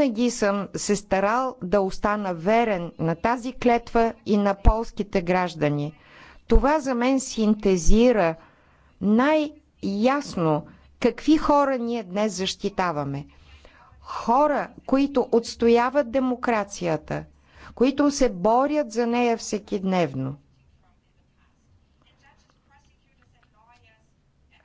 винаги съм се старал да остана верен на тази клетва и на полските граждани. Това за мен синтезира най-ясно какви хора ние днес защитаваме. Хора, които отстояват демокрацията, които се борят за нея всекидневно.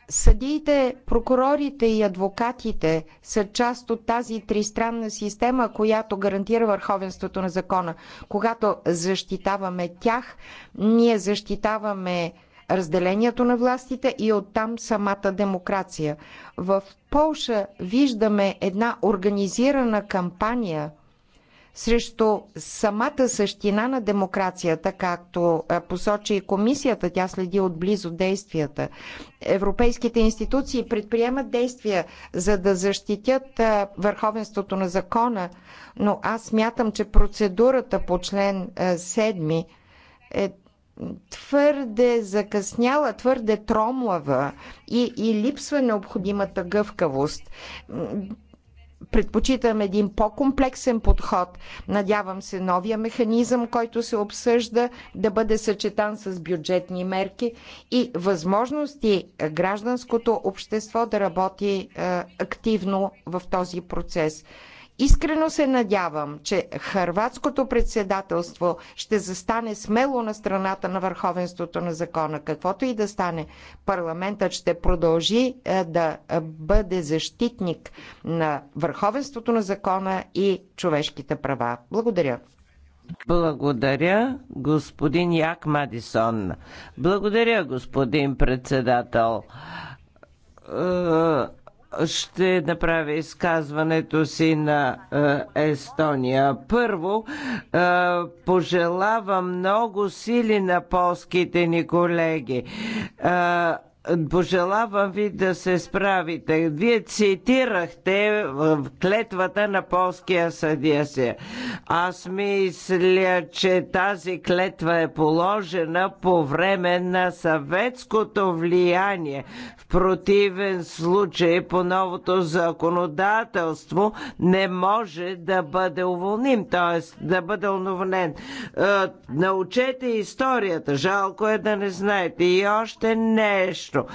Съдиите, прокурорите и адвокатите са част от тази тристранна система, която гарантира върховенството на закона. Когато защитаваме тях, ние защитаваме разделението на властите и оттам самата демокрация. В Полша виждаме една организирана кампания – срещу самата същина на демокрацията, както е, посочи и комисията. Тя следи отблизо действията. Европейските институции предприемат действия, за да защитят е, върховенството на закона, но аз смятам, че процедурата по член 7 е, е твърде закъсняла, твърде тромлава и, и липсва необходимата гъвкавост. Предпочитам един по-комплексен подход. Надявам се новия механизъм, който се обсъжда, да бъде съчетан с бюджетни мерки и възможности гражданското общество да работи активно в този процес. Искрено се надявам, че хърватското председателство ще застане смело на страната на върховенството на закона. Каквото и да стане, парламентът ще продължи е, да бъде защитник на върховенството на закона и човешките права. Благодаря. Благодаря, господин Як Мадисон. Благодаря, господин председател е, ще направя изказването си на е, Естония. Първо, е, пожелавам много сили на полските ни колеги. Е, Пожелавам ви да се справите. Вие цитирахте в клетвата на полския съдия се. Аз мисля, че тази клетва е положена по време на съветското влияние. В противен случай по новото законодателство не може да бъде уволним, т.е. да бъде уволнен. Научете историята. Жалко е да не знаете. И още нещо нещо.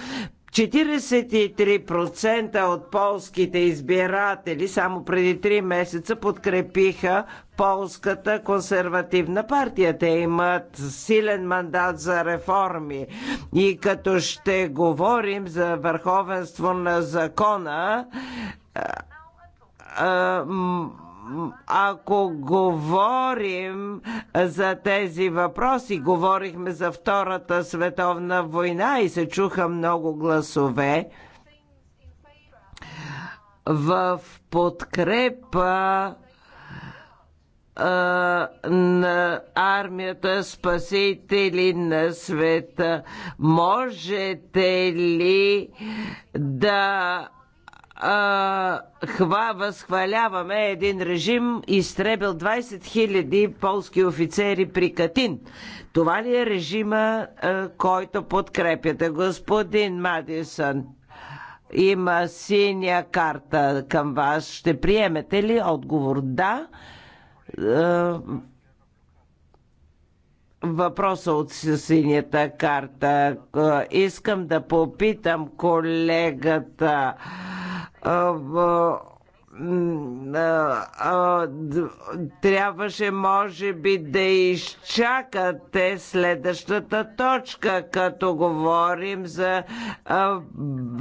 43% от полските избиратели само преди 3 месеца подкрепиха полската консервативна партия. Те имат силен мандат за реформи. И като ще говорим за върховенство на закона, а, а, ако говорим за тези въпроси, говорихме за Втората световна война и се чуха много гласове в подкрепа на армията спасители на света. Можете ли да а, хва, възхваляваме един режим, изтребил 20 000 полски офицери при Катин. Това ли е режима, а, който подкрепяте? Господин Мадисън, има синя карта към вас. Ще приемете ли отговор? Да. въпроса от синята карта. Искам да попитам колегата трябваше, може би, да изчакате следващата точка, като говорим за а,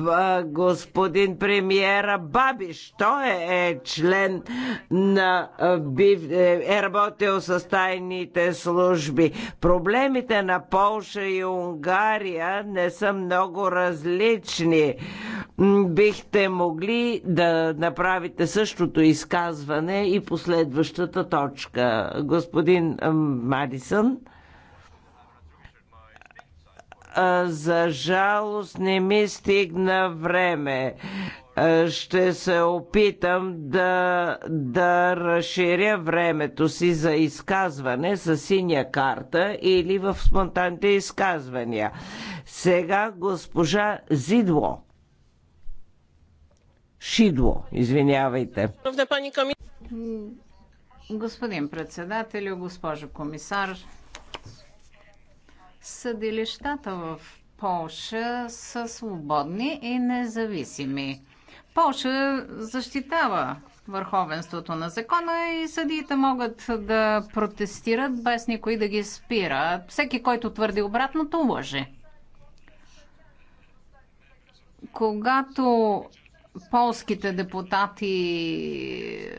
а, господин премиера Бабиш. Той е, е член на... Бив, е, е работил с тайните служби. Проблемите на Полша и Унгария не са много различни бихте могли да направите същото изказване и последващата точка. Господин Марисън, за жалост не ми стигна време. Ще се опитам да, да разширя времето си за изказване с синя карта или в спонтанните изказвания. Сега госпожа Зидло. Шидло, извинявайте. Господин председател, госпожо комисар, съдилищата в Полша са свободни и независими. Полша защитава върховенството на закона и съдиите могат да протестират без никой да ги спира. Всеки, който твърди обратното, лъже. Когато полските депутати е,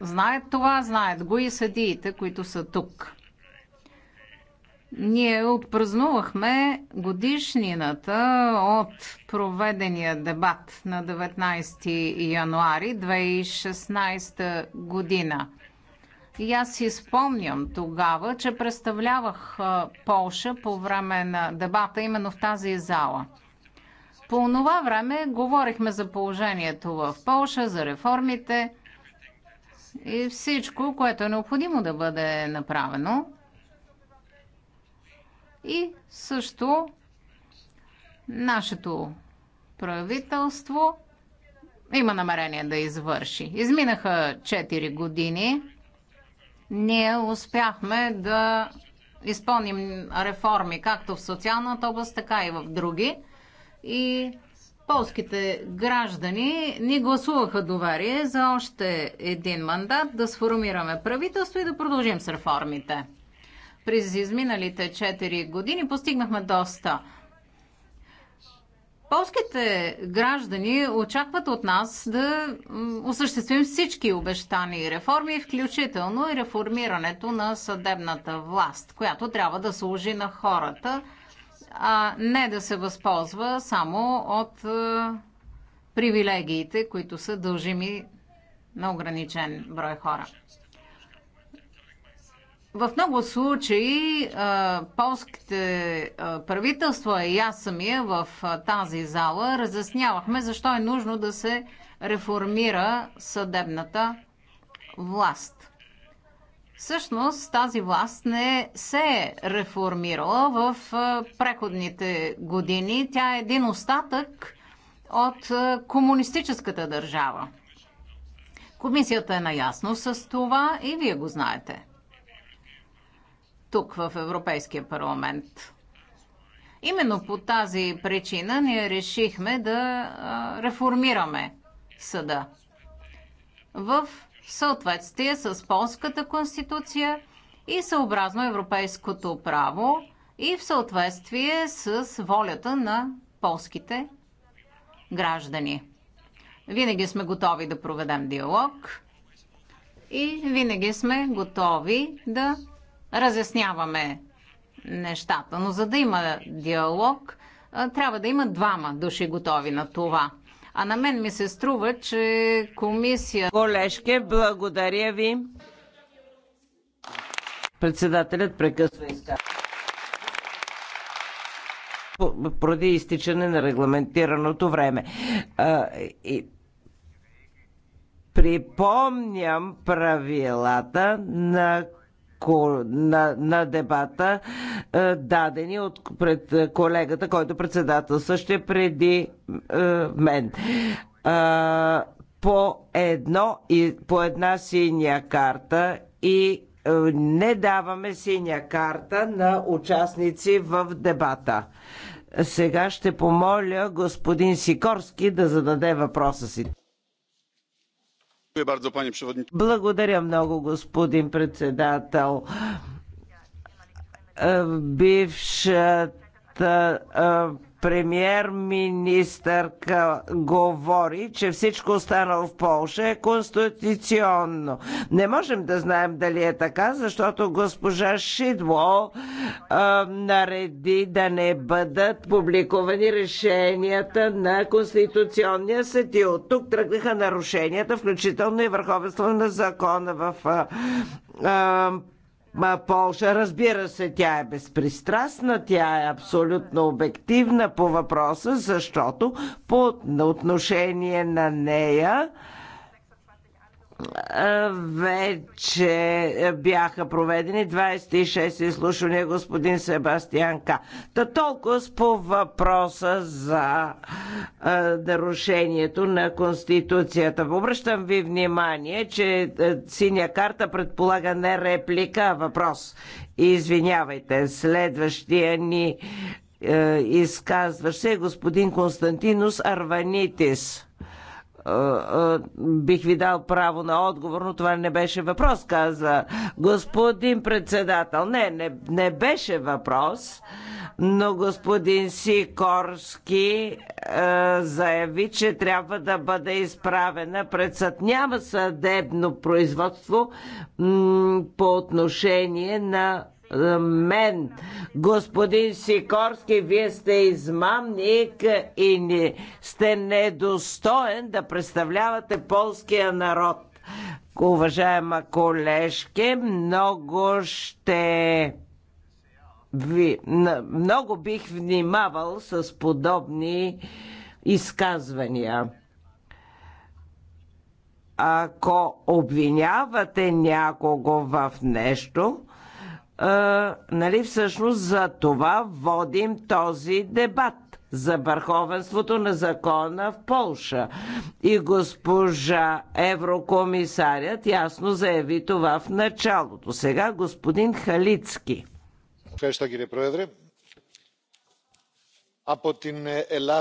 знаят това, знаят го и съдиите, които са тук. Ние отпразнувахме годишнината от проведения дебат на 19 януари 2016 година. И аз си спомням тогава, че представлявах е, Полша по време на дебата именно в тази зала – по това време говорихме за положението в Полша, за реформите и всичко, което е необходимо да бъде направено. И също нашето правителство има намерение да извърши. Изминаха 4 години. Ние успяхме да изпълним реформи както в социалната област, така и в други и полските граждани ни гласуваха доверие за още един мандат да сформираме правителство и да продължим с реформите. През изминалите 4 години постигнахме доста. Полските граждани очакват от нас да осъществим всички обещани реформи, включително и реформирането на съдебната власт, която трябва да служи на хората – а не да се възползва само от привилегиите, които са дължими на ограничен брой хора. В много случаи полските правителства и аз самия в тази зала разяснявахме защо е нужно да се реформира съдебната власт. Всъщност тази власт не се е реформирала в преходните години. Тя е един остатък от комунистическата държава. Комисията е наясно с това и вие го знаете. Тук в Европейския парламент. Именно по тази причина ние решихме да реформираме съда в в съответствие с Полската конституция и съобразно европейското право и в съответствие с волята на полските граждани. Винаги сме готови да проведем диалог и винаги сме готови да разясняваме нещата. Но за да има диалог, трябва да има двама души готови на това. А на мен ми се струва, че комисия... Колешке, благодаря ви. Председателят прекъсва изказването Проди изтичане на регламентираното време. А, и... Припомням правилата на на, на дебата, е, дадени от пред е, колегата, който председател също преди е, мен. Е, по едно и по една синя карта и е, не даваме синя карта на участници в дебата. Сега ще помоля господин Сикорски да зададе въпроса си. Благодаря много, господин председател. Бившата премьер-министърка говори, че всичко останало в Полша е конституционно. Не можем да знаем дали е така, защото госпожа Шидло а, нареди да не бъдат публикувани решенията на Конституционния съд. И от тук тръгнаха нарушенията, включително и върховенство на закона в а, а, Ма Полша, разбира се, тя е безпристрастна, тя е абсолютно обективна по въпроса, защото по отношение на нея вече бяха проведени 26 изслушвания господин Себастиан К. Та толкова по въпроса за нарушението на Конституцията. Обръщам ви внимание, че синя карта предполага не реплика, а въпрос. Извинявайте, следващия ни изказваше се е господин Константинус Арванитис бих ви дал право на отговор, но това не беше въпрос, каза господин председател. Не, не, не беше въпрос, но господин Сикорски е, заяви, че трябва да бъде изправена пред съд. Няма съдебно производство по отношение на мен. Господин Сикорски, вие сте измамник и не, сте недостоен да представлявате полския народ. Уважаема колежке, много ще ви, много бих внимавал с подобни изказвания ако обвинявате някого в нещо, а, нали, всъщност за това водим този дебат за върховенството на закона в Полша. И госпожа еврокомисарят ясно заяви това в началото. Сега господин Халицки. Е,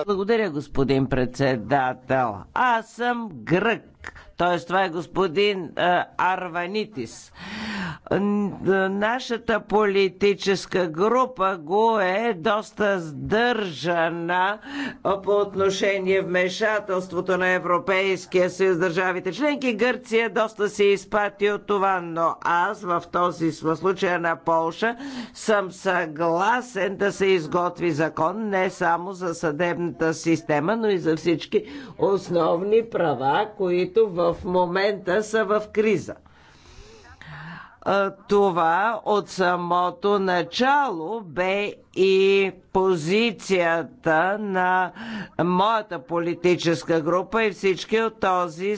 Благодаря, господин председател. Аз съм грък. Т.е. това е господин е, Арванитис. Нашата политическа група го е доста сдържана по отношение вмешателството на Европейския съюз държавите членки. Гърция доста се изпати от това, но аз в този в случая на Полша съм съгласен да се изготви закон не само за съдебната система, но и за всички основни права, които в момента са в криза. Това от самото начало бе и позицията на моята политическа група и всички от този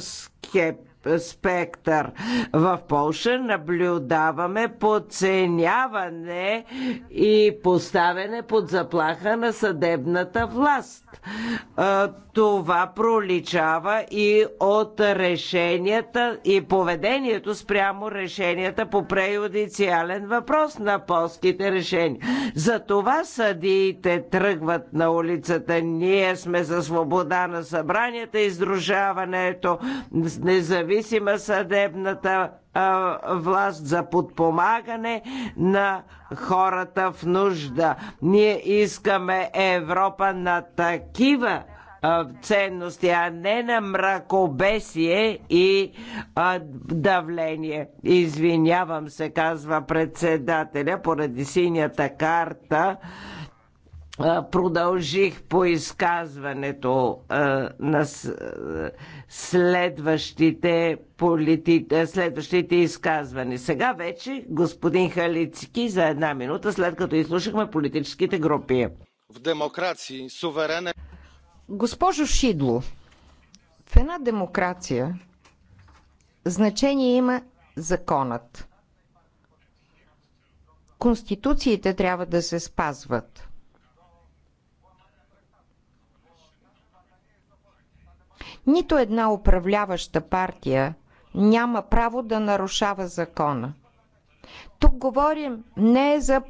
скеп спектър. В Полша наблюдаваме подценяване и поставяне под заплаха на съдебната власт. Това проличава и от решенията и поведението спрямо решенията по преюдициален въпрос на полските решения. За това съдиите тръгват на улицата. Ние сме за свобода на събранията и издружаването, независимо независима съдебната а, власт за подпомагане на хората в нужда. Ние искаме Европа на такива ценности, а не на мракобесие и а, давление. Извинявам се, казва председателя, поради синята карта продължих по изказването на следващите, полити... следващите изказвани. Сега вече господин Халицки за една минута, след като изслушахме политическите групи. В демокрации суверенен... Госпожо Шидло, в една демокрация значение има законът. Конституциите трябва да се спазват – Нито една управляваща партия няма право да нарушава закона. Тук говорим не за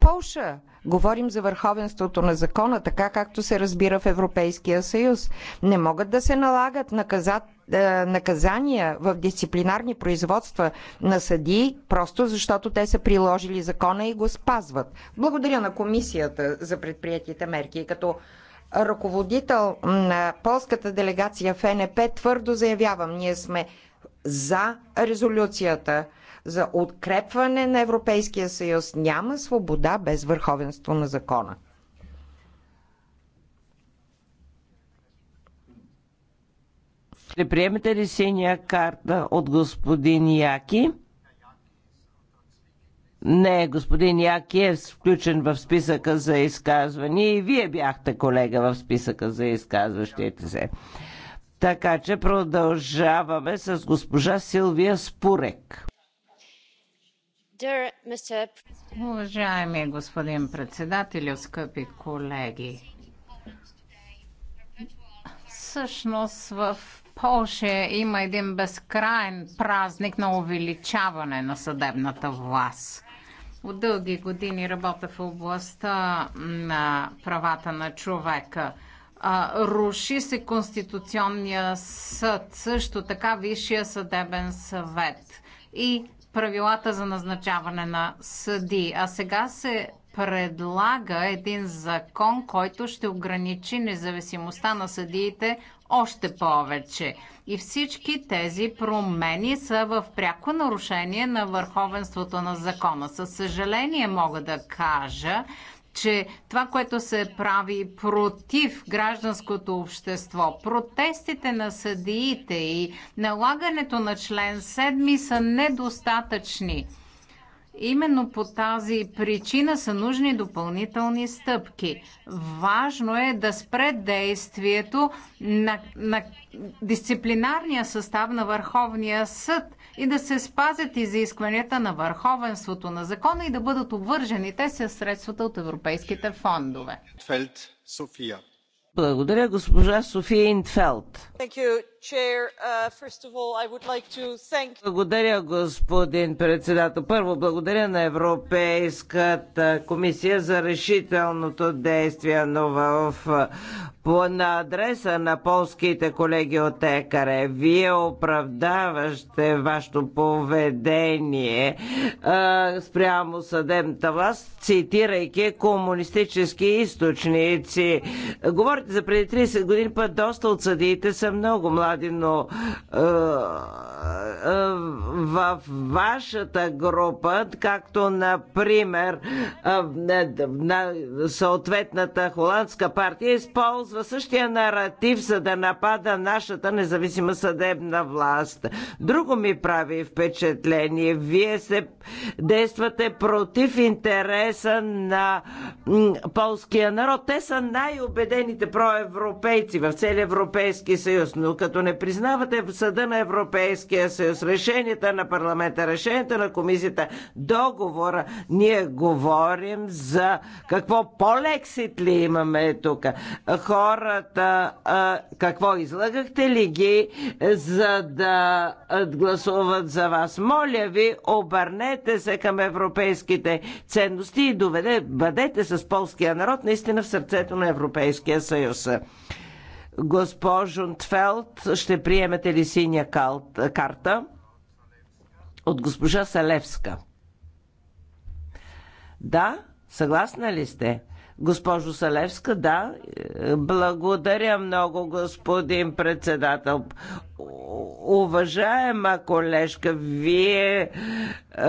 Полша, говорим за върховенството на закона, така както се разбира в Европейския съюз. Не могат да се налагат наказат, е, наказания в дисциплинарни производства на съдии, просто защото те са приложили закона и го спазват. Благодаря на комисията за предприятите мерки. Като ръководител на полската делегация в НП твърдо заявявам, ние сме за резолюцията за открепване на Европейския съюз. Няма свобода без върховенство на закона. Ще приемете ли синя карта от господин Яки? Не, господин Яки е включен в списъка за изказване и вие бяхте колега в списъка за изказващите се. Така че продължаваме с госпожа Силвия Спурек. Уважаеми господин председател, скъпи колеги, всъщност в Полша има един безкрайен празник на увеличаване на съдебната власт. От дълги години работя в областта на правата на човека. А, руши се Конституционния съд, също така Висшия съдебен съвет и правилата за назначаване на съди. А сега се предлага един закон, който ще ограничи независимостта на съдиите още повече. И всички тези промени са в пряко нарушение на върховенството на закона. Със съжаление мога да кажа, че това, което се прави против гражданското общество, протестите на съдиите и налагането на член 7 са недостатъчни. Именно по тази причина са нужни допълнителни стъпки. Важно е да спре действието на, на дисциплинарния състав на Върховния съд и да се спазят изискванията на върховенството на закона и да бъдат обвържени те с средствата от европейските фондове. Благодаря, госпожа София Интфелд. Uh, благодаря, господин председател. Първо, благодаря на Европейската комисия за решителното действие, но в на адреса на полските колеги от ЕКАРЕ. Вие оправдаваште вашето поведение а, спрямо съдебната власт, цитирайки комунистически източници. Говорите за преди 30 години, път доста от съдиите са много млади доклади, но е, е, в вашата група, както например е, на съответната холандска партия, използва същия наратив, за да напада нашата независима съдебна власт. Друго ми прави впечатление. Вие се действате против интереса на полския народ. Те са най-убедените проевропейци в целия Европейски съюз, но като като не признавате в съда на Европейския съюз решенията на парламента, решенията на комисията, договора, ние говорим за какво по-лексит ли имаме тук. Хората, какво излагахте ли ги, за да гласуват за вас? Моля ви, обърнете се към европейските ценности и доведе, бъдете с полския народ наистина в сърцето на Европейския съюз. Госпожо Тфелт, ще приемете ли синя карта от госпожа Салевска? Да, съгласна ли сте? Госпожо Салевска, да. Благодаря много, господин председател уважаема колежка, вие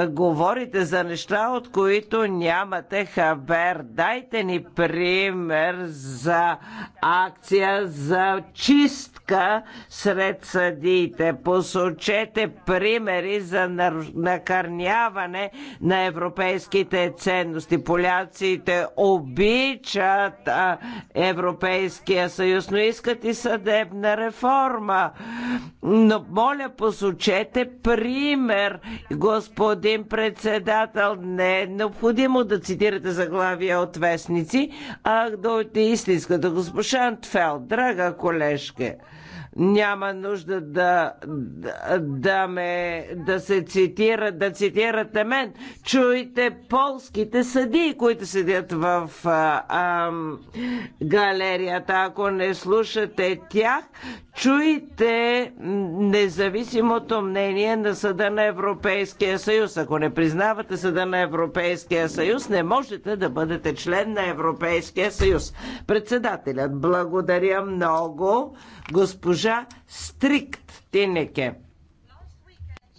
говорите за неща, от които нямате хабер. Дайте ни пример за акция за чистка сред съдиите. Посочете примери за накърняване на европейските ценности. Поляците обичат Европейския съюз, но искат и съдебна реформа. Но моля, посочете пример, господин председател. Не е необходимо да цитирате заглавия от вестници, а да отиде истинската госпожа Антфел, драга колежка няма нужда да, да, да ме да се цитира, да цитирате мен. Чуйте полските съдии, които седят в а, а, галерията. Ако не слушате тях, Чуйте независимото мнение на Съда на Европейския съюз. Ако не признавате Съда на Европейския съюз, не можете да бъдете член на Европейския съюз. Председателят, благодаря много, госпожа Стрикт Тинеке.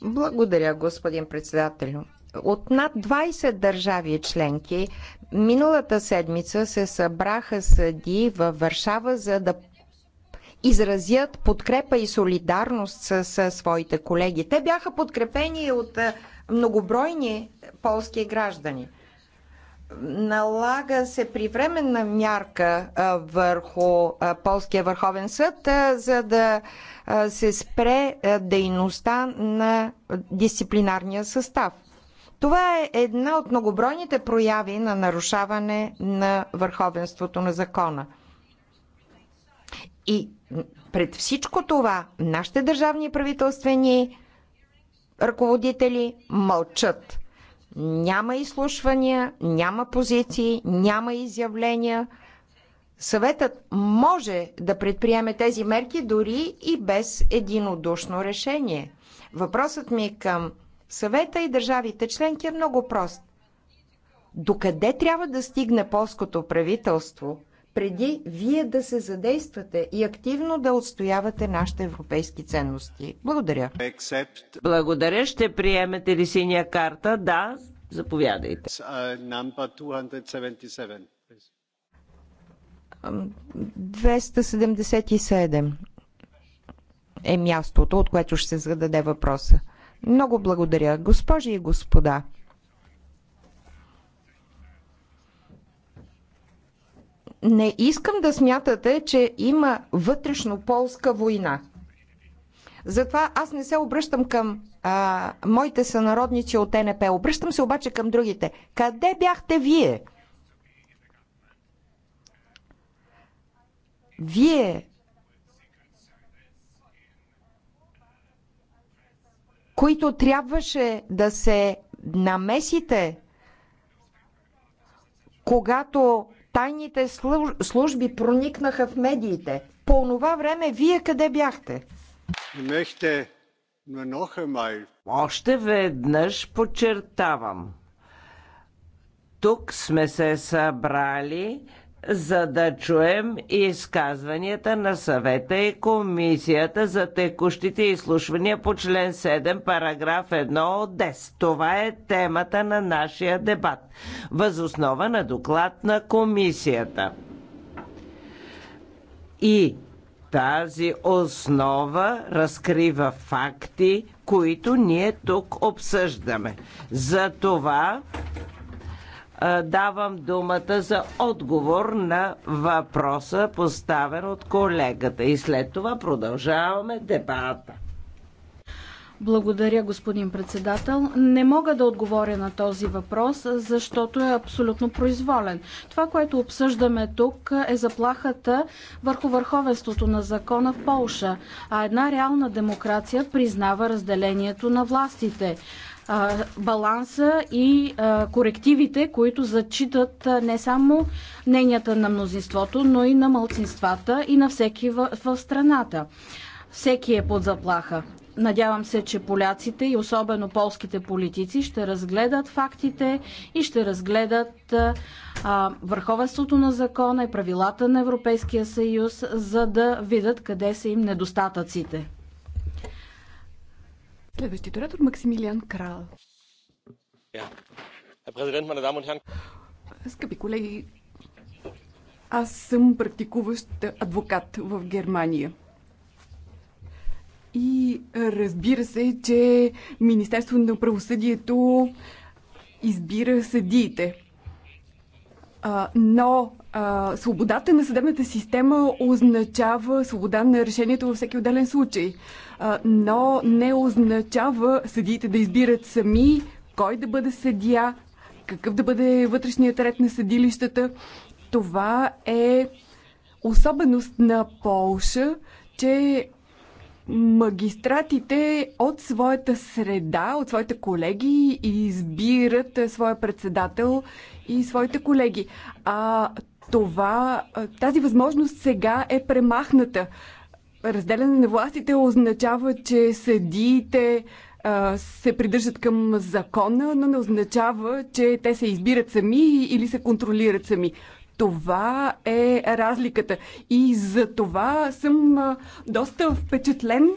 Благодаря, господин председател. От над 20 държави членки миналата седмица се събраха съди във Варшава, за да изразят подкрепа и солидарност с, с своите колеги. Те бяха подкрепени от многобройни полски граждани. Налага се привременна мярка върху Полския върховен съд, за да се спре дейността на дисциплинарния състав. Това е една от многобройните прояви на нарушаване на върховенството на закона. И пред всичко това нашите държавни и правителствени ръководители мълчат. Няма изслушвания, няма позиции, няма изявления. Съветът може да предприеме тези мерки дори и без единодушно решение. Въпросът ми е към съвета и държавите членки е много прост. Докъде трябва да стигне полското правителство, преди вие да се задействате и активно да отстоявате нашите европейски ценности. Благодаря. Except... Благодаря. Ще приемете ли синя карта? Да. Заповядайте. Uh, 277 е мястото, от което ще се зададе въпроса. Много благодаря, госпожи и господа. Не искам да смятате, че има вътрешно полска война. Затова аз не се обръщам към а, моите сънародници от НП. Обръщам се обаче към другите. Къде бяхте вие? Вие които трябваше да се намесите, когато тайните служби проникнаха в медиите. По това време вие къде бяхте? Още веднъж подчертавам. Тук сме се събрали за да чуем изказванията на съвета и комисията за текущите изслушвания по член 7, параграф 1 от 10. Това е темата на нашия дебат, възоснова на доклад на комисията. И тази основа разкрива факти, които ние тук обсъждаме. За това давам думата за отговор на въпроса, поставен от колегата. И след това продължаваме дебата. Благодаря, господин председател. Не мога да отговоря на този въпрос, защото е абсолютно произволен. Това, което обсъждаме тук, е заплахата върху върховенството на закона в Полша, а една реална демокрация признава разделението на властите баланса и корективите, които зачитат не само мненията на мнозинството, но и на малцинствата и на всеки в, в страната. Всеки е под заплаха. Надявам се, че поляците и особено полските политици ще разгледат фактите и ще разгледат а, върховенството на закона и правилата на Европейския съюз, за да видят къде са им недостатъците. Следващият оратор Максимилиан Крал. Президент, Yeah. Скъпи колеги, аз съм практикуващ адвокат в Германия. И разбира се, че Министерството на правосъдието избира съдиите. А, но а, свободата на съдебната система означава свобода на решението във всеки отделен случай, а, но не означава съдиите да избират сами кой да бъде съдия, какъв да бъде вътрешният ред на съдилищата. Това е особеност на Полша, че магистратите от своята среда, от своите колеги избират своя председател и своите колеги. А това, тази възможност сега е премахната. Разделяне на властите означава, че съдиите се придържат към закона, но не означава, че те се избират сами или се контролират сами. Това е разликата. И за това съм доста впечатлен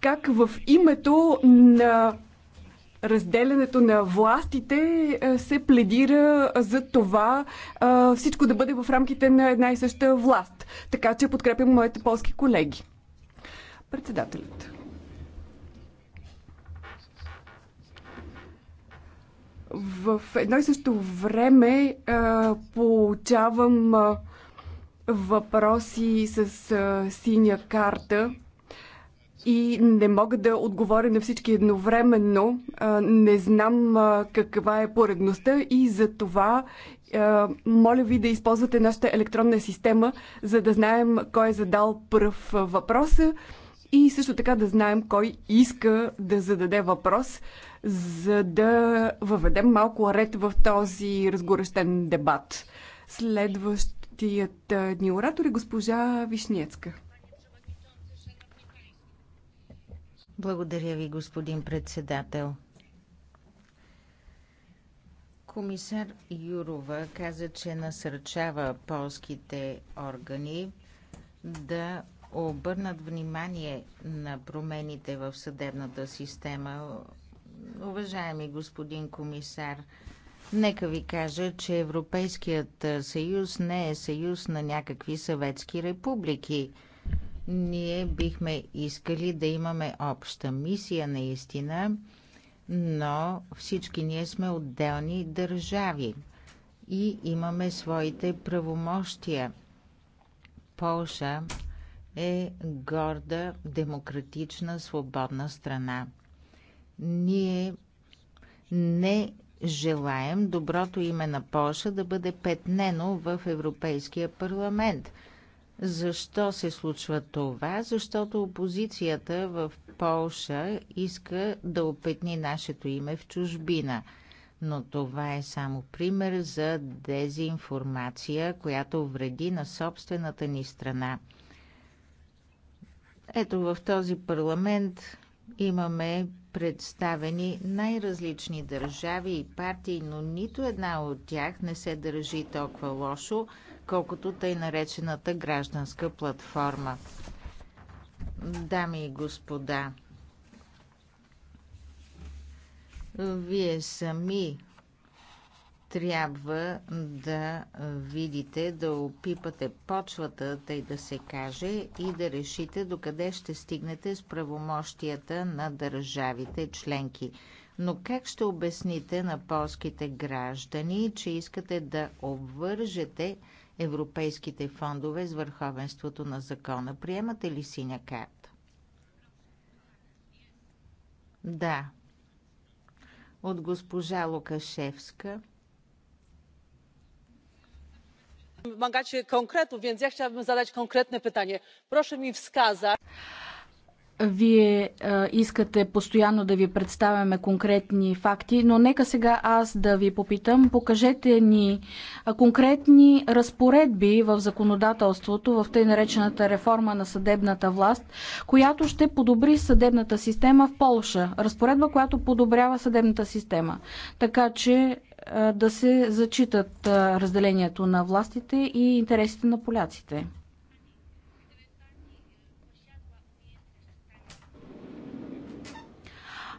как в името на разделянето на властите е, се пледира за това е, всичко да бъде в рамките на една и съща власт. Така че подкрепям моите полски колеги. Председателят. В едно и също време е, получавам въпроси с синя карта и не мога да отговоря на всички едновременно. Не знам каква е поредността и за това моля ви да използвате нашата електронна система, за да знаем кой е задал пръв въпроса и също така да знаем кой иска да зададе въпрос, за да въведем малко ред в този разгорещен дебат. Следващият ни оратор е госпожа Вишнецка. Благодаря ви, господин председател. Комисар Юрова каза, че насърчава полските органи да обърнат внимание на промените в съдебната система. Уважаеми господин комисар, нека ви кажа, че Европейският съюз не е съюз на някакви съветски републики. Ние бихме искали да имаме обща мисия наистина, но всички ние сме отделни държави и имаме своите правомощия. Полша е горда, демократична, свободна страна. Ние не желаем доброто име на Полша да бъде петнено в Европейския парламент – защо се случва това? Защото опозицията в Полша иска да опетни нашето име в чужбина. Но това е само пример за дезинформация, която вреди на собствената ни страна. Ето в този парламент имаме представени най-различни държави и партии, но нито една от тях не се държи толкова лошо, колкото тъй наречената гражданска платформа. Дами и господа, вие сами трябва да видите, да опипате почвата, тъй да се каже, и да решите докъде ще стигнете с правомощията на държавите членки. Но как ще обясните на полските граждани, че искате да обвържете европейските фондове с върховенството на закона. Приемате ли синя карта? Да. От госпожа Лукашевска. Wymagacie е конкретно, вензях, ja задач zadać питание. pytanie. ми всказа. Вие а, искате постоянно да ви представяме конкретни факти, но нека сега аз да ви попитам. Покажете ни конкретни разпоредби в законодателството, в тъй наречената реформа на съдебната власт, която ще подобри съдебната система в Полша. Разпоредба, която подобрява съдебната система. Така че а, да се зачитат а, разделението на властите и интересите на поляците.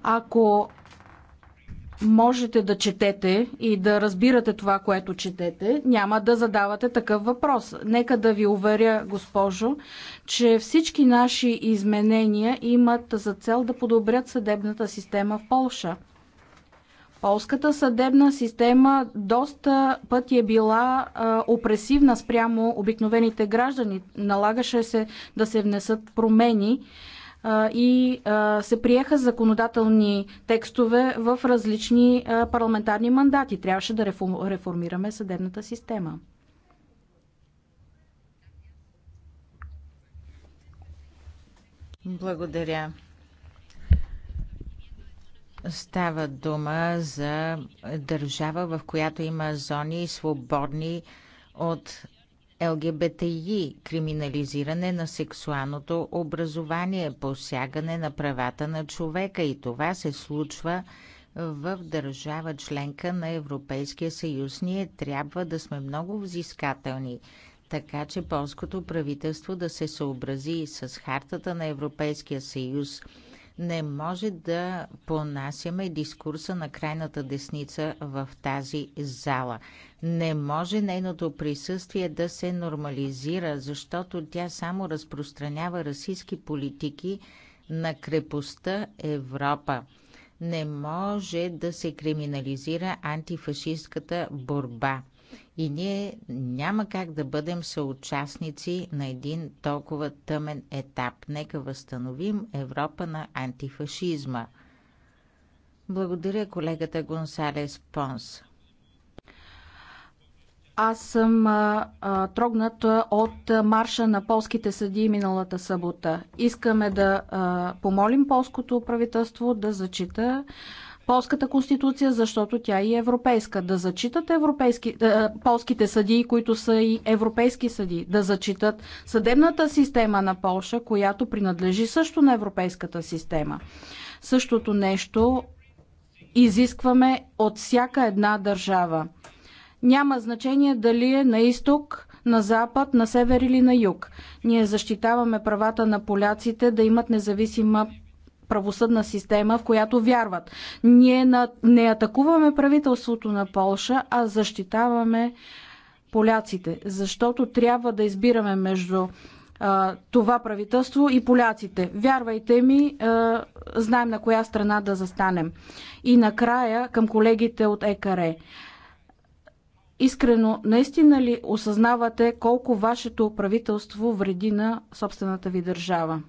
Ако можете да четете и да разбирате това, което четете, няма да задавате такъв въпрос. Нека да ви уверя, госпожо, че всички наши изменения имат за цел да подобрят съдебната система в Полша. Полската съдебна система доста пъти е била а, опресивна спрямо обикновените граждани. Налагаше се да се внесат промени и се приеха законодателни текстове в различни парламентарни мандати. Трябваше да реформираме съдебната система. Благодаря. Става дума за държава, в която има зони свободни от ЛГБТИ, криминализиране на сексуалното образование, посягане на правата на човека и това се случва в държава членка на Европейския съюз. Ние трябва да сме много взискателни, така че полското правителство да се съобрази с хартата на Европейския съюз – не може да понасяме дискурса на крайната десница в тази зала. Не може нейното присъствие да се нормализира, защото тя само разпространява расистски политики на крепостта Европа. Не може да се криминализира антифашистката борба. И ние няма как да бъдем съучастници на един толкова тъмен етап. Нека възстановим Европа на антифашизма. Благодаря колегата Гонсалес Понс. Аз съм а, а, трогнат от марша на полските съди миналата събота. Искаме да а, помолим полското правителство да зачита полската конституция, защото тя е европейска. Да зачитат европейски, да, е, полските съдии, които са и европейски съди, Да зачитат съдебната система на Полша, която принадлежи също на европейската система. Същото нещо изискваме от всяка една държава. Няма значение дали е на изток, на запад, на север или на юг. Ние защитаваме правата на поляците да имат независима правосъдна система, в която вярват. Ние не атакуваме правителството на Полша, а защитаваме поляците, защото трябва да избираме между а, това правителство и поляците. Вярвайте ми, а, знаем на коя страна да застанем. И накрая към колегите от ЕКАРЕ. Искрено, наистина ли осъзнавате колко вашето правителство вреди на собствената ви държава?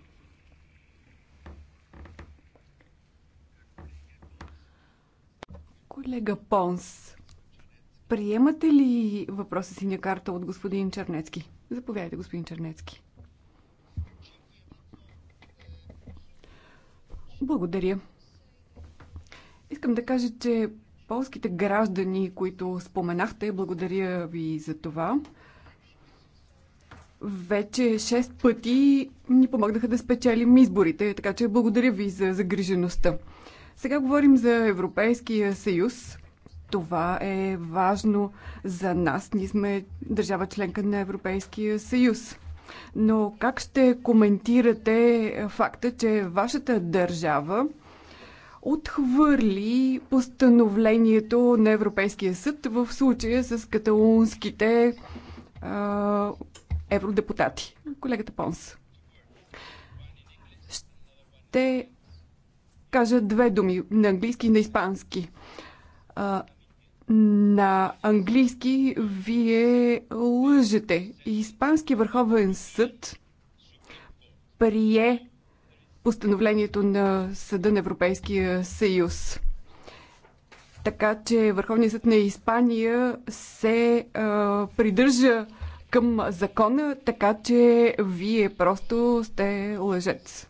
Колега Понс, приемате ли въпроса синя карта от господин Чернецки? Заповядайте, господин Чернецки. Благодаря. Искам да кажа, че полските граждани, които споменахте, благодаря ви за това. Вече 6 пъти ни помогнаха да спечелим изборите, така че благодаря ви за загрижеността. Сега говорим за Европейския съюз. Това е важно за нас. Ние сме държава членка на Европейския съюз. Но как ще коментирате факта, че вашата държава отхвърли постановлението на Европейския съд в случая с каталунските евродепутати? Колегата Понс. Ще кажа две думи на английски и на испански. А, на английски вие лъжете. Испански върховен съд прие постановлението на Съда на Европейския съюз. Така че Върховният съд на Испания се а, придържа към закона, така че вие просто сте лъжец.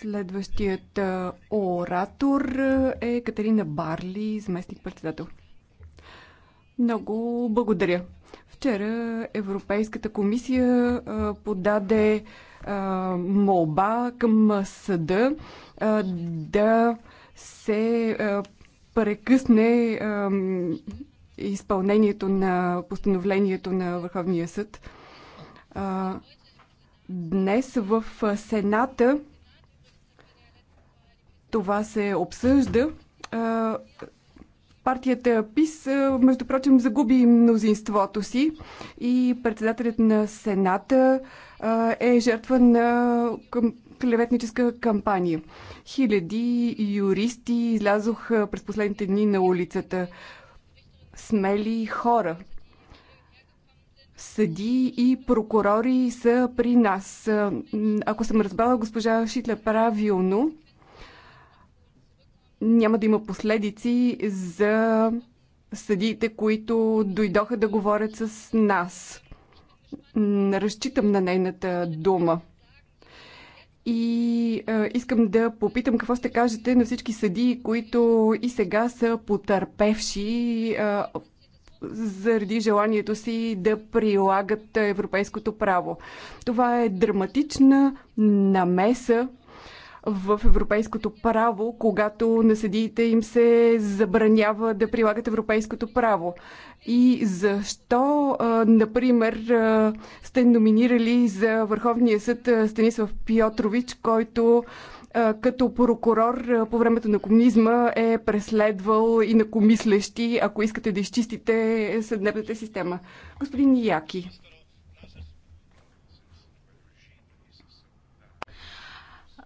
Следващият оратор е Катерина Барли, заместник-председател. Много благодаря. Вчера Европейската комисия подаде молба към съда да се прекъсне изпълнението на постановлението на Върховния съд. Днес в Сената това се обсъжда. Партията ПИС, между прочим, загуби мнозинството си и председателят на Сената е жертва на клеветническа кампания. Хиляди юристи излязох през последните дни на улицата. Смели хора. Съди и прокурори са при нас. Ако съм разбрала госпожа Шитле правилно, няма да има последици за съдиите, които дойдоха да говорят с нас. Разчитам на нейната дума. И а, искам да попитам какво ще кажете на всички съдии, които и сега са потърпевши а, заради желанието си да прилагат европейското право. Това е драматична намеса в европейското право, когато на съдиите им се забранява да прилагат европейското право? И защо, например, сте номинирали за Върховния съд Станислав Пьотрович, който като прокурор по времето на комунизма е преследвал и накомислещи, ако искате да изчистите съдебната система. Господин Яки.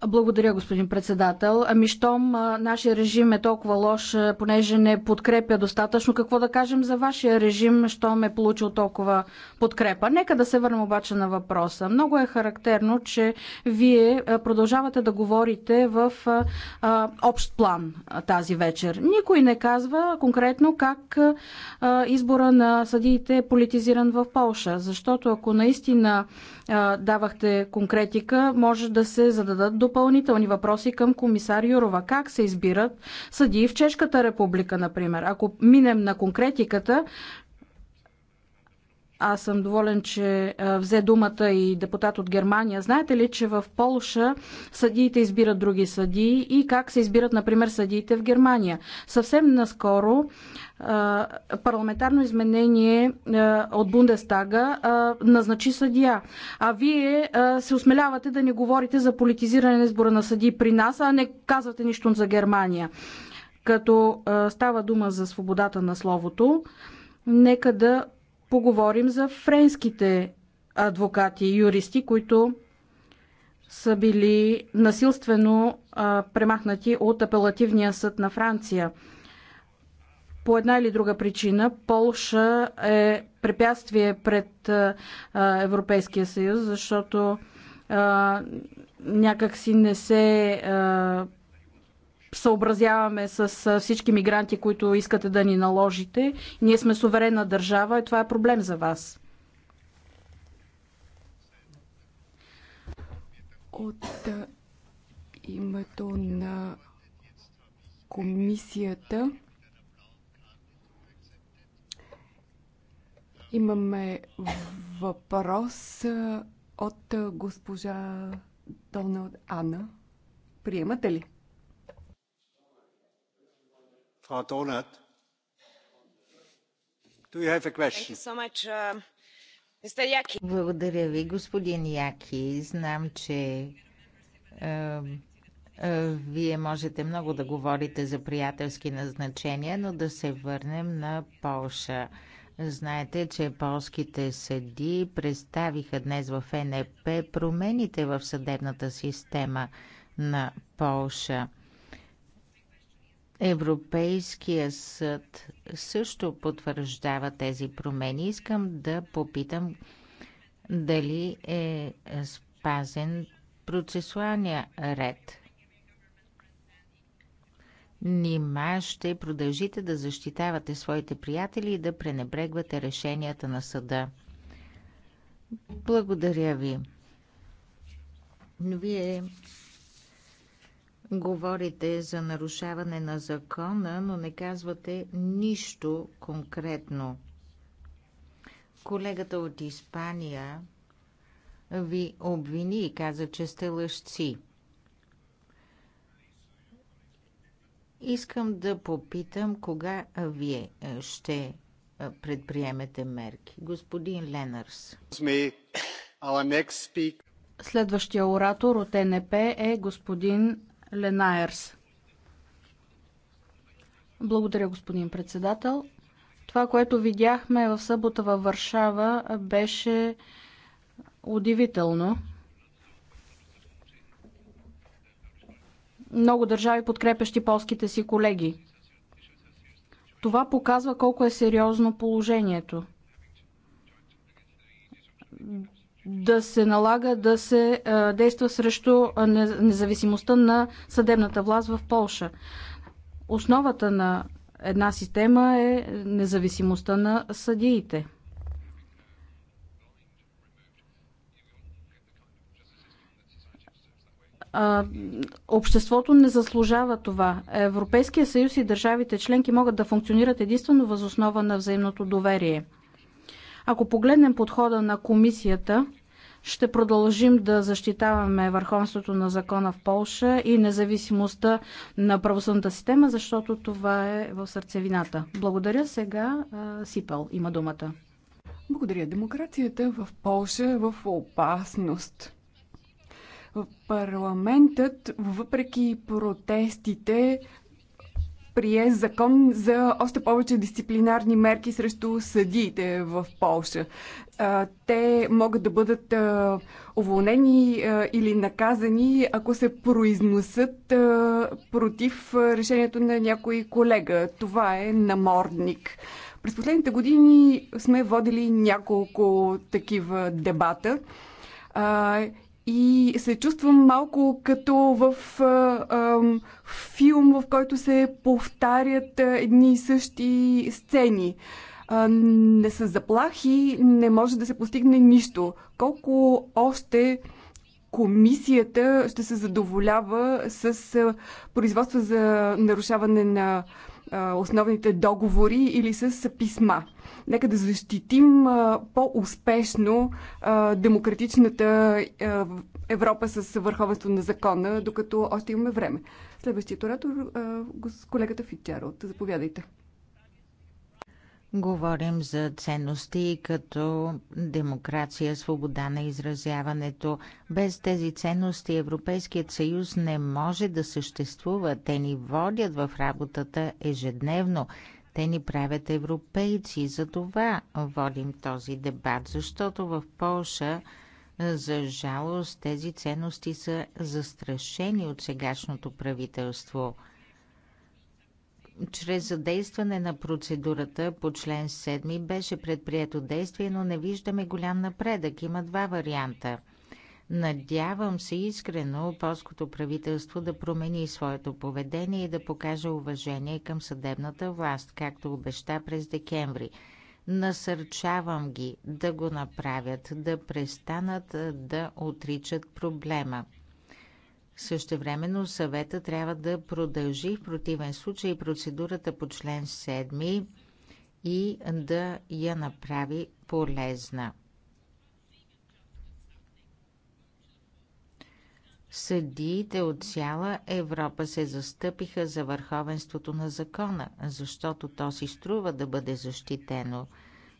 Благодаря, господин председател. Ами, щом нашия режим е толкова лош, понеже не подкрепя достатъчно, какво да кажем за вашия режим, щом е получил толкова подкрепа? Нека да се върнем обаче на въпроса. Много е характерно, че вие продължавате да говорите в а, общ план тази вечер. Никой не казва конкретно как а, избора на съдиите е политизиран в Полша, защото ако наистина давахте конкретика, може да се зададат допълнителни въпроси към комисар Юрова. Как се избират съдии в Чешката република, например? Ако минем на конкретиката, аз съм доволен, че взе думата и депутат от Германия. Знаете ли, че в Полша съдиите избират други съдии и как се избират, например, съдиите в Германия? Съвсем наскоро парламентарно изменение от Бундестага назначи съдия. А вие се осмелявате да не говорите за политизиране на избора на съдии при нас, а не казвате нищо за Германия. Като става дума за свободата на словото, нека да поговорим за френските адвокати и юристи, които са били насилствено а, премахнати от апелативния съд на Франция. По една или друга причина Полша е препятствие пред а, Европейския съюз, защото а, някакси не се а, съобразяваме с всички мигранти, които искате да ни наложите. Ние сме суверена държава и това е проблем за вас. От името на комисията имаме въпрос от госпожа Доналд Ана. Приемате ли? Uh, Благодаря ви, господин Яки. Знам, че вие можете много да говорите за приятелски назначения, но да се върнем на Полша. Знаете, че полските съди представиха днес в НП промените в съдебната система на Полша. Европейския съд също потвърждава тези промени. Искам да попитам дали е спазен процесуалния ред. Нима ще продължите да защитавате своите приятели и да пренебрегвате решенията на съда. Благодаря ви. Вие Говорите за нарушаване на закона, но не казвате нищо конкретно. Колегата от Испания ви обвини и каза, че сте лъжци. Искам да попитам кога вие е, ще е, предприемете мерки. Господин Ленърс. Следващия оратор от НП е господин Ленаерс. Благодаря, господин председател. Това, което видяхме в събота във Варшава, беше удивително. Много държави, подкрепящи полските си колеги. Това показва колко е сериозно положението да се налага да се действа срещу независимостта на съдебната власт в Полша. Основата на една система е независимостта на съдиите. обществото не заслужава това. Европейския съюз и държавите членки могат да функционират единствено възоснова на взаимното доверие. Ако погледнем подхода на комисията, ще продължим да защитаваме върховенството на закона в Полша и независимостта на правосъдната система, защото това е в сърцевината. Благодаря. Сега СИПЕЛ, има думата. Благодаря. Демокрацията в Полша е в опасност. Парламентът, въпреки протестите, прие закон за още повече дисциплинарни мерки срещу съдиите в Полша. Те могат да бъдат уволнени или наказани, ако се произнесат против решението на някой колега. Това е намордник. През последните години сме водили няколко такива дебата. И се чувствам малко като в а, а, филм, в който се повтарят едни и същи сцени. А, не с заплахи не може да се постигне нищо. Колко още комисията ще се задоволява с производство за нарушаване на основните договори или с писма. Нека да защитим по-успешно демократичната Европа с върховенство на закона, докато още имаме време. Следващият оратор, колегата Фитчаро, Заповядайте. Говорим за ценности като демокрация, свобода на изразяването. Без тези ценности Европейският съюз не може да съществува. Те ни водят в работата ежедневно. Те ни правят европейци. За това водим този дебат, защото в Польша, е, за жалост, тези ценности са застрашени от сегашното правителство. Чрез задействане на процедурата по член 7 беше предприето действие, но не виждаме голям напредък. Има два варианта – Надявам се искрено полското правителство да промени своето поведение и да покаже уважение към съдебната власт, както обеща през декември. Насърчавам ги да го направят, да престанат да отричат проблема. Същевременно съвета трябва да продължи в противен случай процедурата по член 7 и да я направи полезна. Съдиите от цяла Европа се застъпиха за върховенството на закона, защото то си струва да бъде защитено.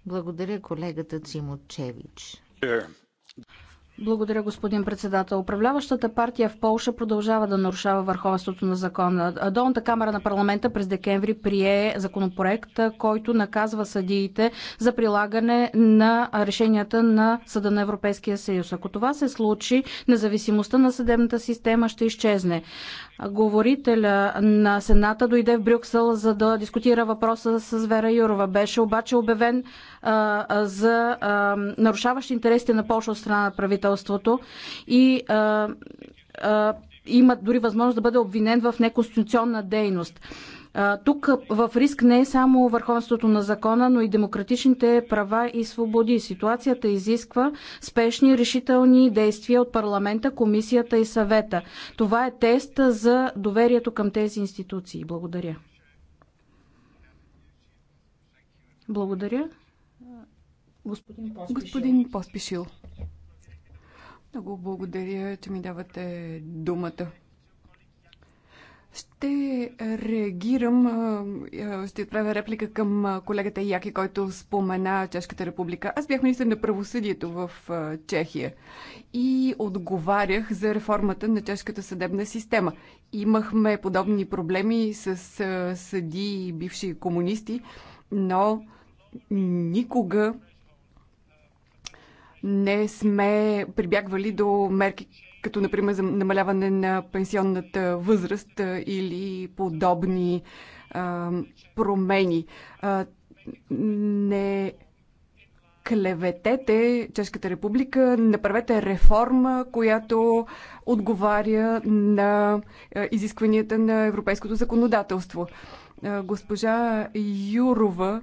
Благодаря колегата Цимочевич. Благодаря, господин председател. Управляващата партия в Полша продължава да нарушава върховенството на закона. Долната камера на парламента през декември прие законопроект, който наказва съдиите за прилагане на решенията на Съда на Европейския съюз. Ако това се случи, независимостта на съдебната система ще изчезне. Говорителя на Сената дойде в Брюксел, за да дискутира въпроса с Вера Юрова. Беше обаче обявен за нарушаващи интересите на Польша от страна на правителството и има дори възможност да бъде обвинен в неконституционна дейност. Тук в риск не е само върховенството на закона, но и демократичните права и свободи. Ситуацията изисква спешни решителни действия от парламента, комисията и съвета. Това е тест за доверието към тези институции. Благодаря. Благодаря. Господин Поспишил. Господин Поспишил. Много благодаря, че ми давате думата. Ще реагирам, ще отправя реплика към колегата Яки, който спомена Чешката република. Аз бях министър на правосъдието в Чехия и отговарях за реформата на чешката съдебна система. Имахме подобни проблеми с съди и бивши комунисти, но никога не сме прибягвали до мерки, като например за намаляване на пенсионната възраст или подобни а, промени. А, не клеветете Чешката република, направете реформа, която отговаря на изискванията на европейското законодателство. Госпожа Юрова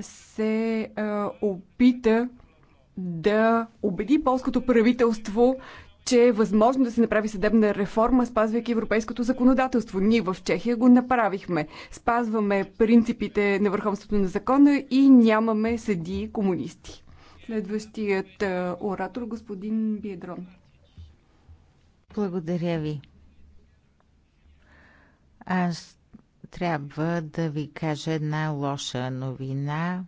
се опита да убеди полското правителство, че е възможно да се направи съдебна реформа, спазвайки европейското законодателство. Ние в Чехия го направихме. Спазваме принципите на върховството на закона и нямаме съди комунисти. Следващият е, оратор, господин Биедрон. Благодаря ви. Аз трябва да ви кажа една лоша новина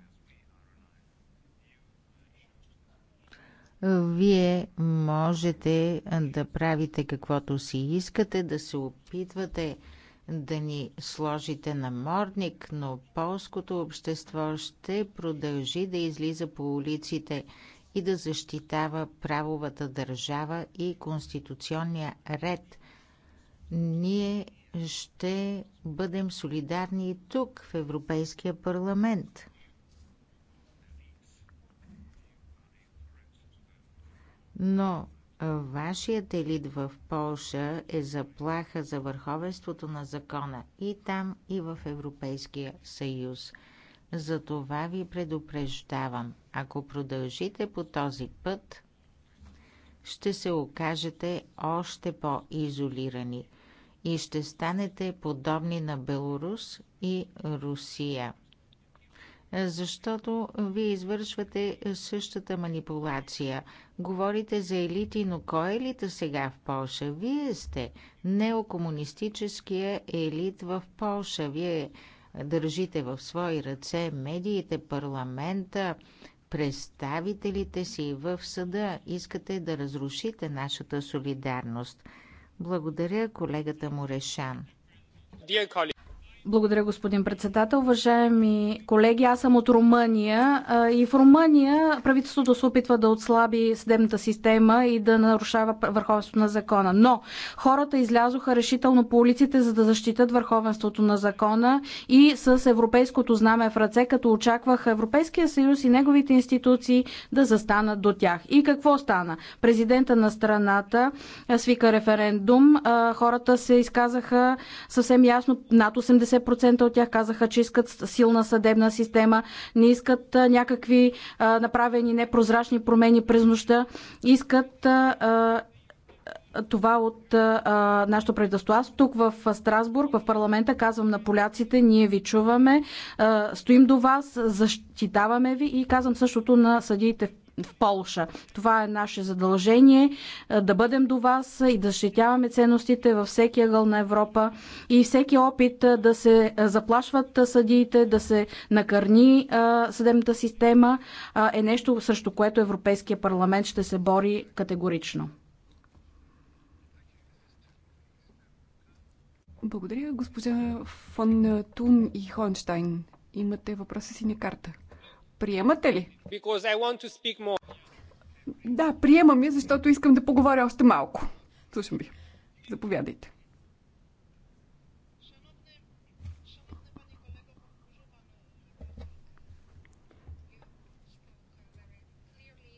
Вие можете да правите каквото си искате, да се опитвате да ни сложите на мордник, но полското общество ще продължи да излиза по улиците и да защитава правовата държава и конституционния ред. Ние ще бъдем солидарни и тук, в Европейския парламент. Но вашият елит в Полша е заплаха за върховенството на закона и там, и в Европейския съюз. Затова ви предупреждавам, ако продължите по този път, ще се окажете още по-изолирани и ще станете подобни на Беларус и Русия – защото вие извършвате същата манипулация. Говорите за елити, но кой е елита сега в Польша? Вие сте неокомунистическия елит в Польша. Вие държите в свои ръце медиите, парламента, представителите си в съда. Искате да разрушите нашата солидарност. Благодаря колегата Морешан. Благодаря, господин председател. Уважаеми колеги, аз съм от Румъния и в Румъния правителството се опитва да отслаби съдебната система и да нарушава върховенството на закона. Но хората излязоха решително по улиците, за да защитат върховенството на закона и с европейското знаме в ръце, като очакваха Европейския съюз и неговите институции да застанат до тях. И какво стана? Президента на страната свика референдум, хората се изказаха съвсем ясно над 80 90% от тях казаха, че искат силна съдебна система, не искат някакви направени непрозрачни промени през нощта, искат това от а, нашето правителство. Аз тук в Страсбург, в парламента, казвам на поляците, ние ви чуваме, а, стоим до вас, защитаваме ви и казвам същото на съдиите в в Полша. Това е наше задължение е, да бъдем до вас и да защитяваме ценностите във всеки ъгъл на Европа и всеки опит е, да се е, заплашват съдиите, да се накърни съдебната система е нещо, срещу което Европейския парламент ще се бори категорично. Благодаря, госпожа фон Тун и Хонштайн. Имате въпроса си на карта. Приемате ли? Да, приемам я, защото искам да поговоря още малко. Слушам ви. Заповядайте.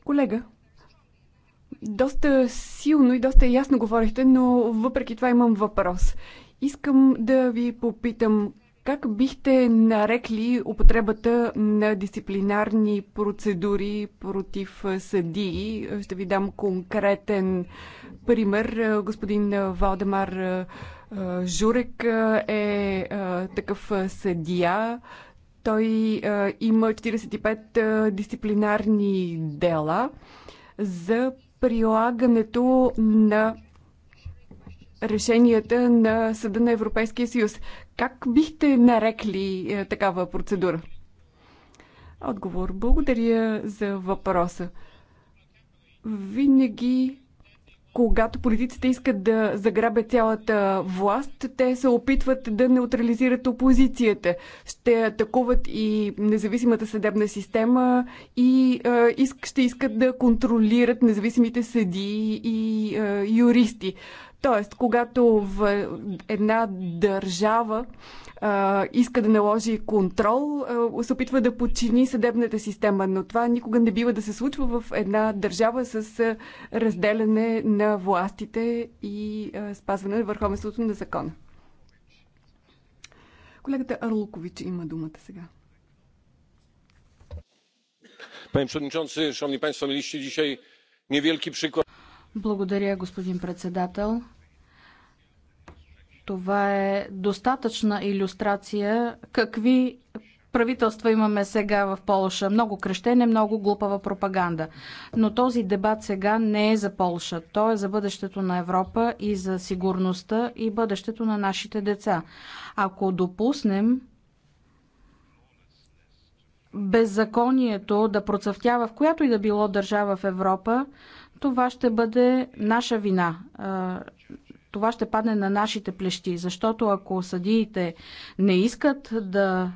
Колега, доста силно и доста ясно говорихте, но въпреки това имам въпрос. Искам да ви попитам как бихте нарекли употребата на дисциплинарни процедури против съдии? Ще ви дам конкретен пример. Господин Валдемар Журек е такъв съдия. Той има 45 дисциплинарни дела за прилагането на решенията на Съда на Европейския съюз. Как бихте нарекли е, такава процедура? Отговор. Благодаря за въпроса. Винаги, когато политиците искат да заграбят цялата власт, те се опитват да неутрализират опозицията. Ще атакуват и независимата съдебна система и е, ще искат да контролират независимите съдии и е, юристи. Тоест, когато в една държава а, иска да наложи контрол, а, се опитва да подчини съдебната система, но това никога не бива да се случва в една държава с а, разделяне на властите и а, спазване на върховенството на закона. Колегата Арлукович има думата сега. Panie Przewodniczący, Szanowni Państwo, mieliście dzisiaj niewielki przykład. Благодаря, господин председател. Това е достатъчна иллюстрация какви правителства имаме сега в Полша. Много крещене, много глупава пропаганда. Но този дебат сега не е за Полша. Той е за бъдещето на Европа и за сигурността и бъдещето на нашите деца. Ако допуснем беззаконието да процъфтява в която и да било държава в Европа, това ще бъде наша вина. Това ще падне на нашите плещи, защото ако съдиите не искат да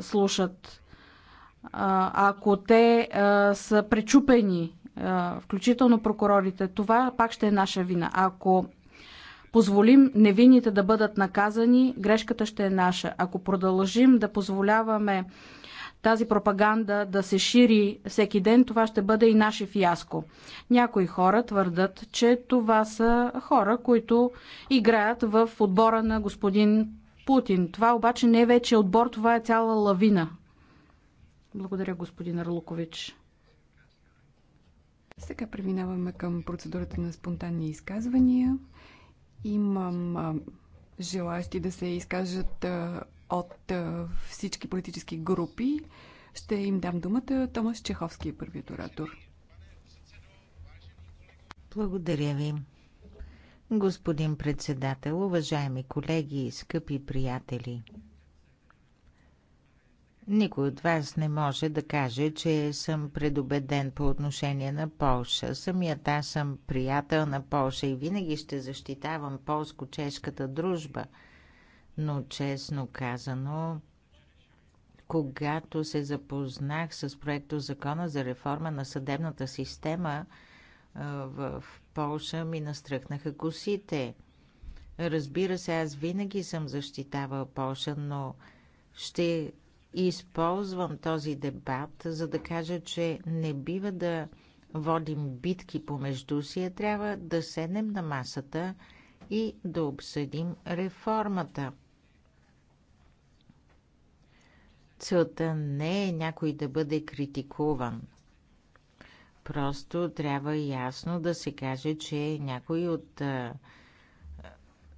слушат, ако те са пречупени, включително прокурорите, това пак ще е наша вина. Ако позволим невинните да бъдат наказани, грешката ще е наша. Ако продължим да позволяваме тази пропаганда да се шири всеки ден, това ще бъде и наше фиаско. Някои хора твърдат, че това са хора, които играят в отбора на господин Путин. Това обаче не е вече отбор, това е цяла лавина. Благодаря, господин Арлукович. Сега преминаваме към процедурата на спонтанни изказвания. Имам желащи да се изкажат от всички политически групи. Ще им дам думата. Томас Чеховски е първият оратор. Благодаря ви. Господин председател, уважаеми колеги и скъпи приятели, никой от вас не може да каже, че съм предубеден по отношение на Полша. Самият аз съм приятел на Полша и винаги ще защитавам полско-чешката дружба – но честно казано, когато се запознах с проекто Закона за реформа на съдебната система в Полша, ми настръхнаха косите. Разбира се, аз винаги съм защитавал Полша, но ще използвам този дебат, за да кажа, че не бива да водим битки помежду си, а трябва да седнем на масата и да обсъдим реформата – Целта не е някой да бъде критикуван. Просто трябва ясно да се каже, че някои от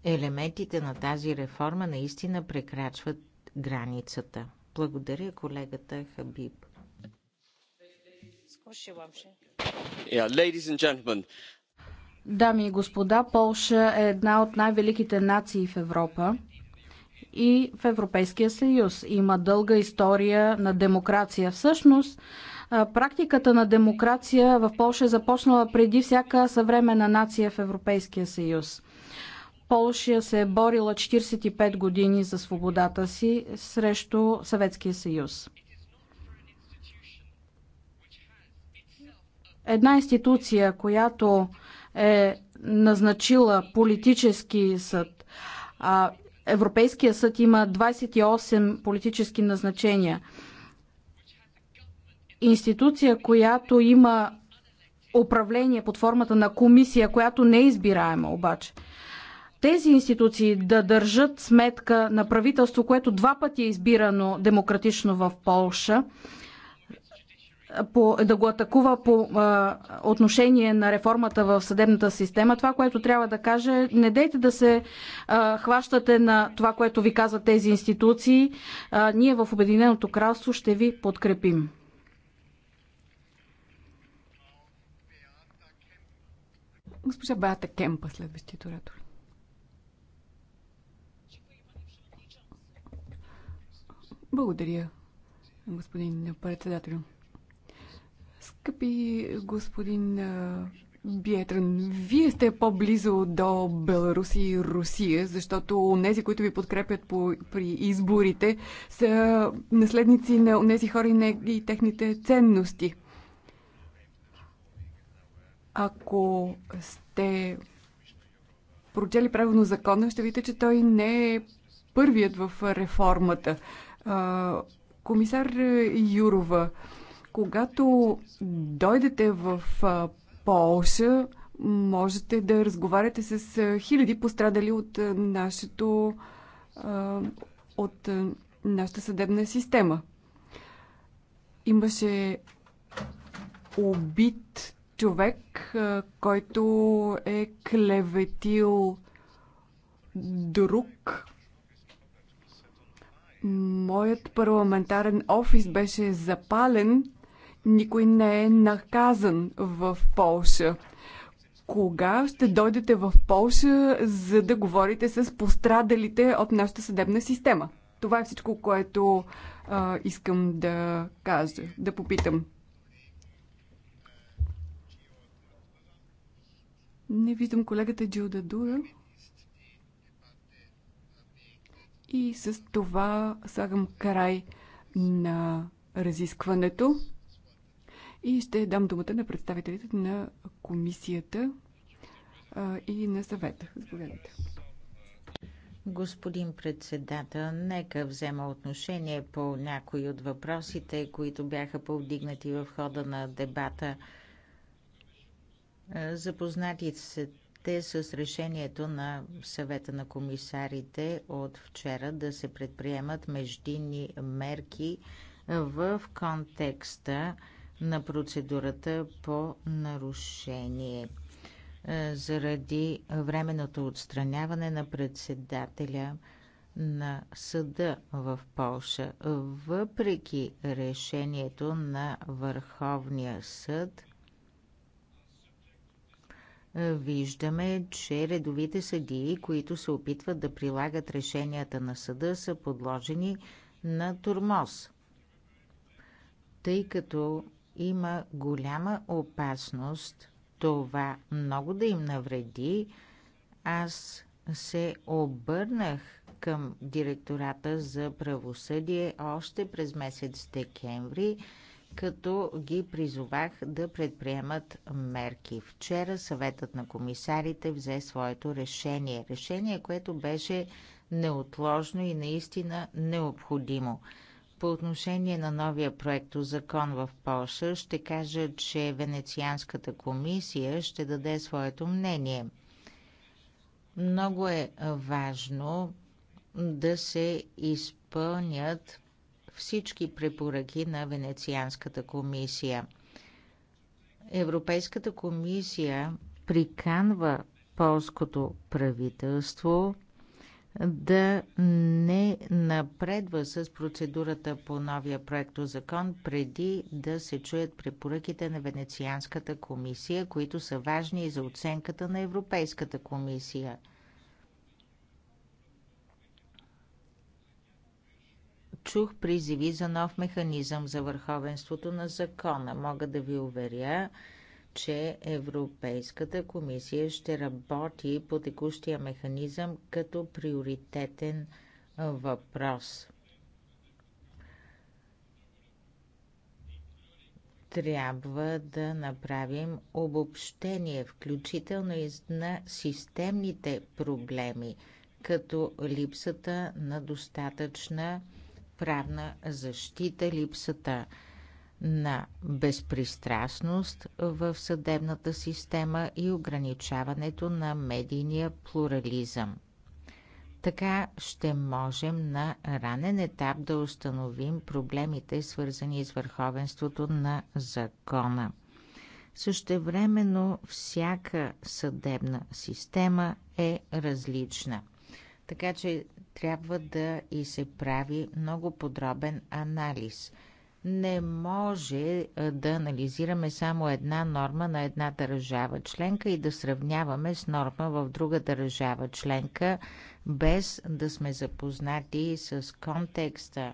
елементите на тази реформа наистина прекрачват границата. Благодаря колегата Хабиб. Дами и господа, Полша е една от най-великите нации в Европа и в Европейския съюз. Има дълга история на демокрация. Всъщност, практиката на демокрация в Польша е започнала преди всяка съвременна нация в Европейския съюз. Полша се е борила 45 години за свободата си срещу Съветския съюз. Една институция, която е назначила политически съд, а Европейския съд има 28 политически назначения. Институция, която има управление под формата на комисия, която не е избираема обаче. Тези институции да държат сметка на правителство, което два пъти е избирано демократично в Полша, по, да го атакува по а, отношение на реформата в съдебната система. Това, което трябва да каже, не дейте да се а, хващате на това, което ви казват тези институции. А, ние в Обединеното кралство ще ви подкрепим. Госпожа Беата Кемпа, следващият оратор. Благодаря, господин председател. Скъпи господин Биетрен, вие сте по-близо до Беларус и Русия, защото нези, които ви подкрепят по, при изборите, са наследници на тези хора и, не, и техните ценности. Ако сте прочели правилно закона, ще видите, че той не е първият в реформата. комисар Юрова, когато дойдете в Полша, можете да разговаряте с хиляди пострадали от нашето от нашата съдебна система. Имаше убит човек, който е клеветил друг. Моят парламентарен офис беше запален никой не е наказан в Полша. Кога ще дойдете в Полша, за да говорите с пострадалите от нашата съдебна система? Това е всичко, което а, искам да кажа, да попитам. Не виждам колегата Джилда Дура. И с това слагам край на разискването. И ще дам думата на представителите на комисията и на съвета. Заповядайте. Господин председател, нека взема отношение по някои от въпросите, които бяха повдигнати в хода на дебата. Запознати те с решението на съвета на комисарите от вчера да се предприемат междинни мерки в контекста на процедурата по нарушение е, заради временното отстраняване на председателя на съда в Полша. Въпреки решението на Върховния съд, виждаме, че редовите съдии, които се опитват да прилагат решенията на съда, са подложени на турмоз. Тъй като има голяма опасност това много да им навреди. Аз се обърнах към директората за правосъдие още през месец декември, като ги призовах да предприемат мерки. Вчера съветът на комисарите взе своето решение. Решение, което беше неотложно и наистина необходимо. По отношение на новия проекто закон в Польша ще кажа, че Венецианската комисия ще даде своето мнение. Много е важно да се изпълнят всички препоръки на Венецианската комисия. Европейската комисия приканва полското правителство да не напредва с процедурата по новия проекто закон преди да се чуят препоръките на Венецианската комисия, които са важни и за оценката на Европейската комисия. Чух призиви за нов механизъм за върховенството на закона. Мога да ви уверя, че Европейската комисия ще работи по текущия механизъм като приоритетен въпрос. Трябва да направим обобщение, включително и на системните проблеми, като липсата на достатъчна правна защита, липсата на безпристрастност в съдебната система и ограничаването на медийния плурализъм. Така ще можем на ранен етап да установим проблемите, свързани с върховенството на закона. Същевременно всяка съдебна система е различна. Така че трябва да и се прави много подробен анализ – не може да анализираме само една норма на една държава членка и да сравняваме с норма в друга държава членка, без да сме запознати с контекста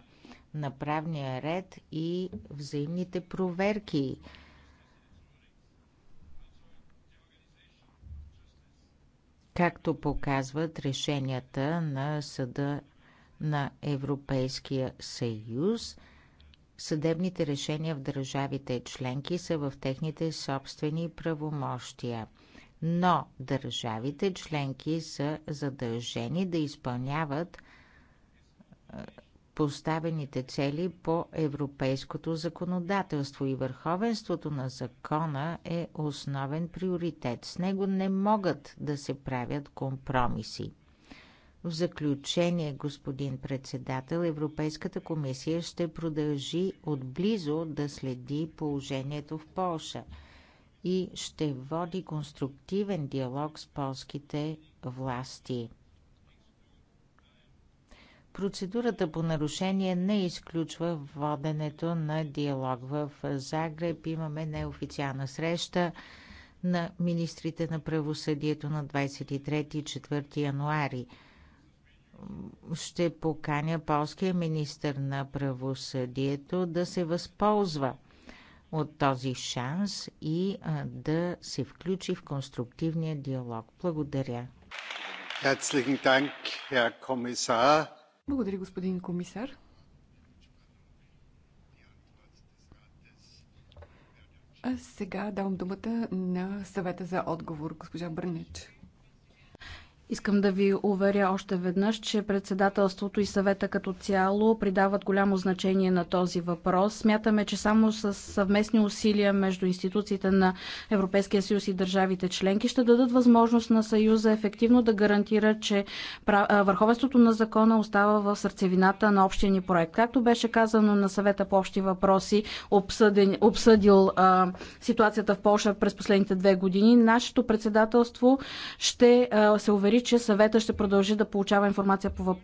на правния ред и взаимните проверки. както показват решенията на Съда на Европейския съюз, Съдебните решения в държавите членки са в техните собствени правомощия, но държавите членки са задължени да изпълняват е, поставените цели по европейското законодателство и върховенството на закона е основен приоритет. С него не могат да се правят компромиси. В заключение, господин председател, Европейската комисия ще продължи отблизо да следи положението в Полша и ще води конструктивен диалог с полските власти. Процедурата по нарушение не изключва воденето на диалог. В Загреб имаме неофициална среща на министрите на правосъдието на 23-4 януари – ще поканя полския министр на правосъдието да се възползва от този шанс и да се включи в конструктивния диалог. Благодаря. Благодаря, господин комисар. А сега давам думата на съвета за отговор, госпожа Бърнеч. Искам да ви уверя още веднъж, че председателството и съвета като цяло придават голямо значение на този въпрос. Смятаме, че само с съвместни усилия между институциите на Европейския съюз и държавите членки ще дадат възможност на Съюза ефективно да гарантира, че върховенството на закона остава в сърцевината на общия ни проект. Както беше казано на съвета по общи въпроси, обсъден, обсъдил а, ситуацията в Польша през последните две години, нашето председателство ще а, се увери увери, че съвета ще продължи да получава информация по въпроса.